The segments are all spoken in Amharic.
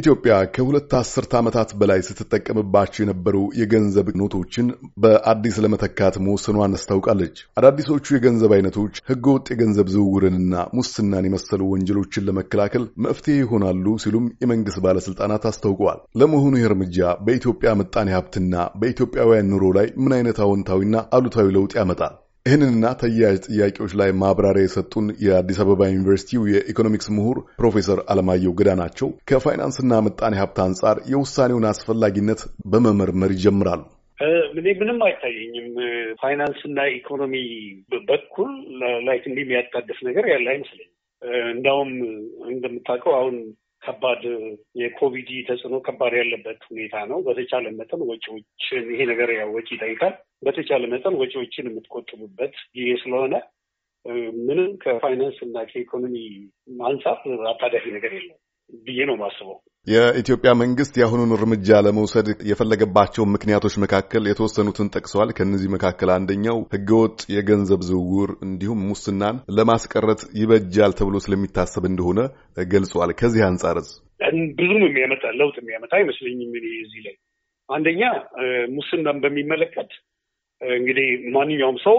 ኢትዮጵያ ከሁለት አስርት ዓመታት በላይ ስትጠቀምባቸው የነበሩ የገንዘብ ኖቶችን በአዲስ ለመተካት መወሰኗን አስታውቃለች። አዳዲሶቹ የገንዘብ አይነቶች ህገወጥ የገንዘብ ዝውውርንና ሙስናን የመሰሉ ወንጀሎችን ለመከላከል መፍትሄ ይሆናሉ ሲሉም የመንግስት ባለስልጣናት አስታውቀዋል። ለመሆኑ ይህ እርምጃ በኢትዮጵያ ምጣኔ ሀብትና በኢትዮጵያውያን ኑሮ ላይ ምን አይነት አዎንታዊና አሉታዊ ለውጥ ያመጣል? ይህንንና ተያያዥ ጥያቄዎች ላይ ማብራሪያ የሰጡን የአዲስ አበባ ዩኒቨርሲቲው የኢኮኖሚክስ ምሁር ፕሮፌሰር አለማየሁ ገዳ ናቸው። ከፋይናንስና ምጣኔ ሀብት አንጻር የውሳኔውን አስፈላጊነት በመመርመር ይጀምራሉ። እኔ ምንም አይታየኝም። ፋይናንስና ኢኮኖሚ በኩል ላይክ እንዲህ የሚያጣድፍ ነገር ያለ አይመስለኝም። እንዳውም እንደምታውቀው አሁን ከባድ የኮቪድ ተጽዕኖ ከባድ ያለበት ሁኔታ ነው። በተቻለ መጠን ወጪዎች ይሄ ነገር ያው ወጪ ይጠይቃል በተቻለ መጠን ወጪዎችን የምትቆጥቡበት ጊዜ ስለሆነ ምንም ከፋይናንስ እና ከኢኮኖሚ አንጻር አታዳፊ ነገር የለም ብዬ ነው ማስበው። የኢትዮጵያ መንግስት የአሁኑን እርምጃ ለመውሰድ የፈለገባቸው ምክንያቶች መካከል የተወሰኑትን ጠቅሰዋል። ከእነዚህ መካከል አንደኛው ህገወጥ የገንዘብ ዝውውር እንዲሁም ሙስናን ለማስቀረት ይበጃል ተብሎ ስለሚታሰብ እንደሆነ ገልጸዋል። ከዚህ አንጻርስ ብዙም የሚያመጣ ለውጥ የሚያመጣ አይመስለኝም እዚህ ላይ አንደኛ ሙስናን በሚመለከት እንግዲህ ማንኛውም ሰው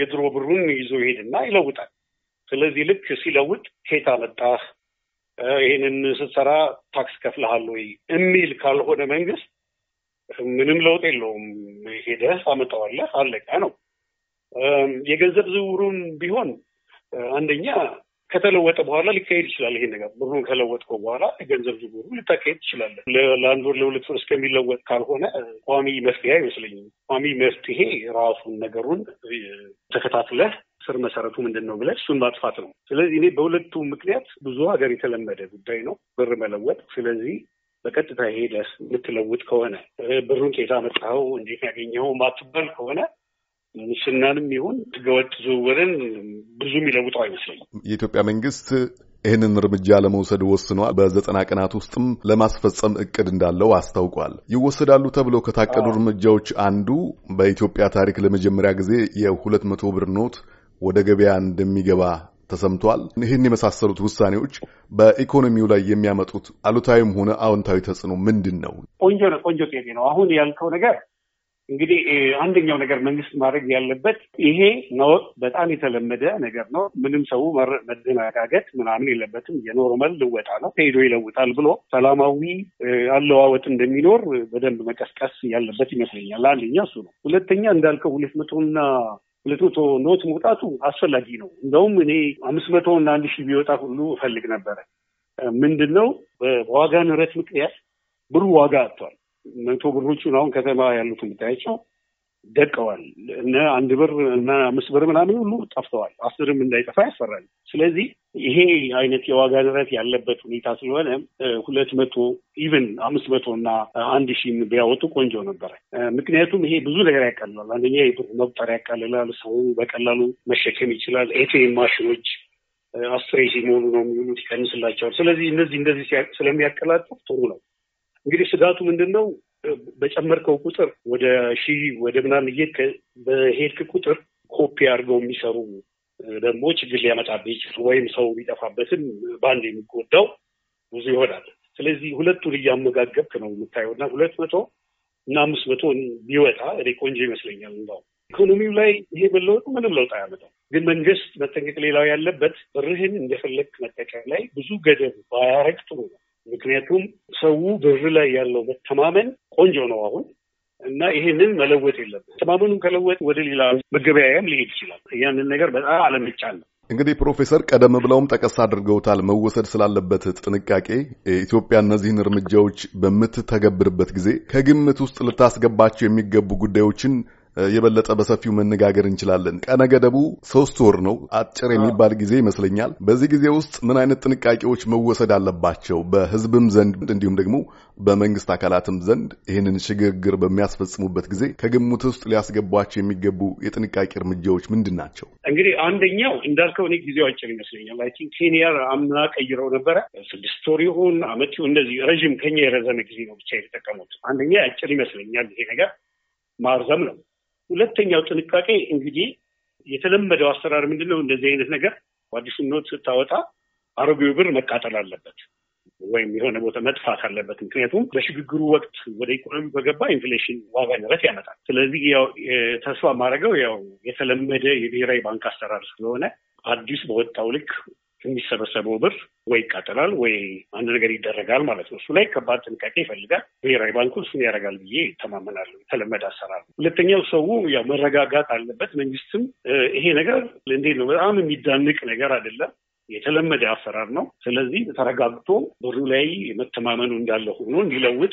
የድሮ ብሩን ይዞ ይሄድና ይለውጣል። ስለዚህ ልክ ሲለውጥ ኬት አመጣህ፣ ይህንን ስትሰራ ታክስ ከፍልሃል ወይ የሚል ካልሆነ መንግስት ምንም ለውጥ የለውም። ሄደህ አመጣዋለህ፣ አለቀ ነው። የገንዘብ ዝውውሩን ቢሆን አንደኛ ከተለወጠ በኋላ ሊካሄድ ይችላል። ይሄ ነገር ብሩን ከለወጥከው በኋላ የገንዘብ ዝውውሩ ልታካሄድ ትችላለህ። ለአንድ ወር ለሁለት ወር እስከሚለወጥ ካልሆነ ቋሚ መፍትሄ አይመስለኝም። ቋሚ መፍትሄ ራሱን ነገሩን ተከታትለህ ስር መሰረቱ ምንድን ነው ብለህ እሱን ማጥፋት ነው። ስለዚህ እኔ በሁለቱ ምክንያት ብዙ ሀገር የተለመደ ጉዳይ ነው ብር መለወጥ። ስለዚህ በቀጥታ ሄደህ የምትለውጥ ከሆነ ብሩን ኬታ መጣኸው እንዴት ያገኘኸው ማትበል ከሆነ ሙስናንም ይሁን ህገወጥ ዝውውርን ብዙ የሚለውጠው አይመስለኝም። የኢትዮጵያ መንግስት ይህንን እርምጃ ለመውሰድ ወስኗል። በዘጠና ቀናት ውስጥም ለማስፈጸም እቅድ እንዳለው አስታውቋል። ይወሰዳሉ ተብለው ከታቀዱ እርምጃዎች አንዱ በኢትዮጵያ ታሪክ ለመጀመሪያ ጊዜ የሁለት መቶ ብር ኖት ወደ ገበያ እንደሚገባ ተሰምቷል። ይህን የመሳሰሉት ውሳኔዎች በኢኮኖሚው ላይ የሚያመጡት አሉታዊም ሆነ አዎንታዊ ተጽዕኖ ምንድን ነው? ቆንጆ ነው። ቆንጆ ጤዜ ነው። አሁን ያልከው ነገር እንግዲህ አንደኛው ነገር መንግስት ማድረግ ያለበት ይሄ ነው። በጣም የተለመደ ነገር ነው። ምንም ሰው መደናጋገት ምናምን የለበትም። የኖርመል ልወጣ ነው ሄዶ ይለውጣል ብሎ ሰላማዊ አለዋወጥ እንደሚኖር በደንብ መቀስቀስ ያለበት ይመስለኛል። አንደኛ እሱ ነው። ሁለተኛ እንዳልከው ሁለት መቶና ሁለት መቶ ኖት መውጣቱ አስፈላጊ ነው። እንደውም እኔ አምስት መቶ እና አንድ ሺህ ቢወጣ ሁሉ እፈልግ ነበረ። ምንድን ነው በዋጋ ንረት ምክንያት ብሩ ዋጋ አጥቷል። መቶ ብሮቹን አሁን ከተማ ያሉት የምታያቸው ደቀዋል እነ አንድ ብር እና አምስት ብር ምናምን ሁሉ ጠፍተዋል። አስርም እንዳይጠፋ ያስፈራል። ስለዚህ ይሄ አይነት የዋጋ ንረት ያለበት ሁኔታ ስለሆነ ሁለት መቶ ኢቨን አምስት መቶ እና አንድ ሺህ ቢያወጡ ቆንጆ ነበረ። ምክንያቱም ይሄ ብዙ ነገር ያቀልላል። አንደኛ የብር መቁጠር ያቀልላል። ሰው በቀላሉ መሸከም ይችላል። ኤቲኤም ማሽኖች አስሬ ሲሞሉ ነው የሚሉት ይቀንስላቸዋል። ስለዚህ እነዚህ እንደዚህ ስለሚያቀላጥፍ ጥሩ ነው። እንግዲህ ስጋቱ ምንድን ነው? በጨመርከው ቁጥር ወደ ሺህ ወደ ምናምን እየሄድክ በሄድክ ቁጥር ኮፒ አድርገው የሚሰሩ ደግሞ ችግር ሊያመጣብህ ይችላል። ወይም ሰው ቢጠፋበትም በአንድ የሚጎዳው ብዙ ይሆናል። ስለዚህ ሁለቱን እያመጋገብክ ነው የምታየው እና ሁለት መቶ እና አምስት መቶ ቢወጣ እኔ ቆንጆ ይመስለኛል። እንደው ኢኮኖሚው ላይ ይሄ መለወጡ ምንም ለውጥ አያመጣም። ግን መንግስት መጠንቀቅ ሌላው ያለበት ብርህን እንደፈለግ መጠቀም ላይ ብዙ ገደብ ባያረግ ጥሩ ነው። ምክንያቱም ሰው ብር ላይ ያለው መተማመን ቆንጆ ነው አሁን እና ይሄንን መለወጥ የለም። መተማመኑን ከለወጥ ወደ ሌላ መገበያያም ሊሄድ ይችላል። ያንን ነገር በጣም አለመጫን ነው። እንግዲህ ፕሮፌሰር ቀደም ብለውም ጠቀስ አድርገውታል። መወሰድ ስላለበት ጥንቃቄ ኢትዮጵያ እነዚህን እርምጃዎች በምትተገብርበት ጊዜ ከግምት ውስጥ ልታስገባቸው የሚገቡ ጉዳዮችን የበለጠ በሰፊው መነጋገር እንችላለን። ቀነ ገደቡ ሶስት ወር ነው፣ አጭር የሚባል ጊዜ ይመስለኛል። በዚህ ጊዜ ውስጥ ምን አይነት ጥንቃቄዎች መወሰድ አለባቸው? በህዝብም ዘንድ እንዲሁም ደግሞ በመንግስት አካላትም ዘንድ ይህንን ሽግግር በሚያስፈጽሙበት ጊዜ ከግምት ውስጥ ሊያስገቧቸው የሚገቡ የጥንቃቄ እርምጃዎች ምንድን ናቸው? እንግዲህ አንደኛው እንዳልከው እኔ ጊዜው አጭር ይመስለኛል። አይ ቲንክ ኬንያ አምና ቀይረው ነበረ። ስድስት ወር ይሁን አመት ይሁን እንደዚህ ረዥም ከኛ የረዘመ ጊዜ ነው ብቻ የተጠቀሙት። አንደኛ አጭር ይመስለኛል ይሄ ነገር ማርዘም ነው። ሁለተኛው ጥንቃቄ እንግዲህ የተለመደው አሰራር ምንድን ነው? እንደዚህ አይነት ነገር አዲሱ ኖት ስታወጣ አሮጌው ብር መቃጠል አለበት ወይም የሆነ ቦታ መጥፋት አለበት። ምክንያቱም በሽግግሩ ወቅት ወደ ኢኮኖሚ በገባ ኢንፍሌሽን ዋጋ ንረት ያመጣል። ስለዚህ ያው ተስፋ ማድረገው ያው የተለመደ የብሔራዊ ባንክ አሰራር ስለሆነ አዲስ በወጣው ልክ የሚሰበሰበው ብር ወይ ይቃጠላል ወይ አንድ ነገር ይደረጋል ማለት ነው። እሱ ላይ ከባድ ጥንቃቄ ይፈልጋል። ብሔራዊ ባንኩ እሱን ያደርጋል ብዬ ይተማመናለሁ። የተለመደ አሰራር ነው። ሁለተኛው ሰው ያው መረጋጋት አለበት። መንግስትም ይሄ ነገር እንዴት ነው በጣም የሚዳንቅ ነገር አይደለም። የተለመደ አሰራር ነው። ስለዚህ ተረጋግቶ ብሩ ላይ መተማመኑ እንዳለ ሆኖ እንዲለውጥ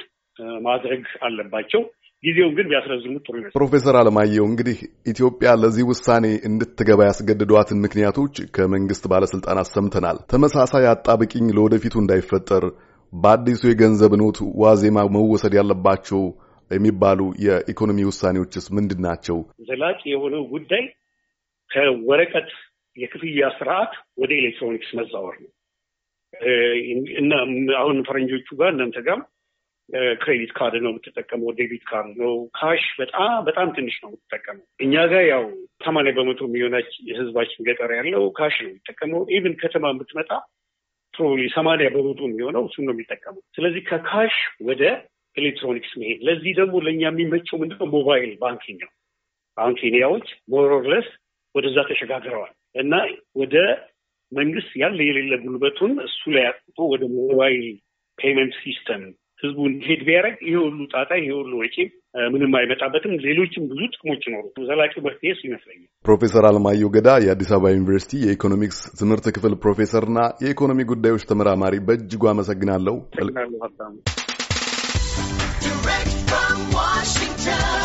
ማድረግ አለባቸው። ጊዜውን ግን ቢያስረዝሙት ጥሩ ይመስል። ፕሮፌሰር አለማየሁ እንግዲህ ኢትዮጵያ ለዚህ ውሳኔ እንድትገባ ያስገድዷትን ምክንያቶች ከመንግስት ባለስልጣናት ሰምተናል። ተመሳሳይ አጣብቂኝ ለወደፊቱ እንዳይፈጠር በአዲሱ የገንዘብ ኖት ዋዜማ መወሰድ ያለባቸው የሚባሉ የኢኮኖሚ ውሳኔዎችስ ምንድን ናቸው? ዘላቂ የሆነው ጉዳይ ከወረቀት የክፍያ ስርዓት ወደ ኤሌክትሮኒክስ መዛወር ነው እና አሁን ፈረንጆቹ ጋር እናንተ ጋር ክሬዲት ካርድ ነው የምትጠቀመው፣ ዴቢት ካርድ ነው። ካሽ በጣም በጣም ትንሽ ነው የምትጠቀመው። እኛ ጋር ያው ሰማንያ በመቶ የሚሆናች የህዝባችን ገጠር ያለው ካሽ ነው የሚጠቀመው። ኢቭን ከተማ የምትመጣ ፕሮባብሊ ሰማንያ በመቶ የሚሆነው እሱ ነው የሚጠቀመው። ስለዚህ ከካሽ ወደ ኤሌክትሮኒክስ መሄድ። ለዚህ ደግሞ ለእኛ የሚመቸው ምንድነው ሞባይል ባንኪንግ ነው። አሁን ኬንያዎች ሞሮርለስ ወደዛ ተሸጋግረዋል እና ወደ መንግስት ያለ የሌለ ጉልበቱን እሱ ላይ አጥቶ ወደ ሞባይል ፔመንት ሲስተም ህዝቡን ሄድ ቢያደረግ ይሄ ሁሉ ጣጣ ይሄ ሁሉ ወጪ ምንም አይመጣበትም። ሌሎችም ብዙ ጥቅሞች ይኖሩ። ዘላቂው መፍትሄ እሱ ይመስለኛል። ፕሮፌሰር አለማየሁ ገዳ የአዲስ አበባ ዩኒቨርሲቲ የኢኮኖሚክስ ትምህርት ክፍል ፕሮፌሰርና የኢኮኖሚ ጉዳዮች ተመራማሪ፣ በእጅጉ አመሰግናለሁ። አመሰግናለሁ።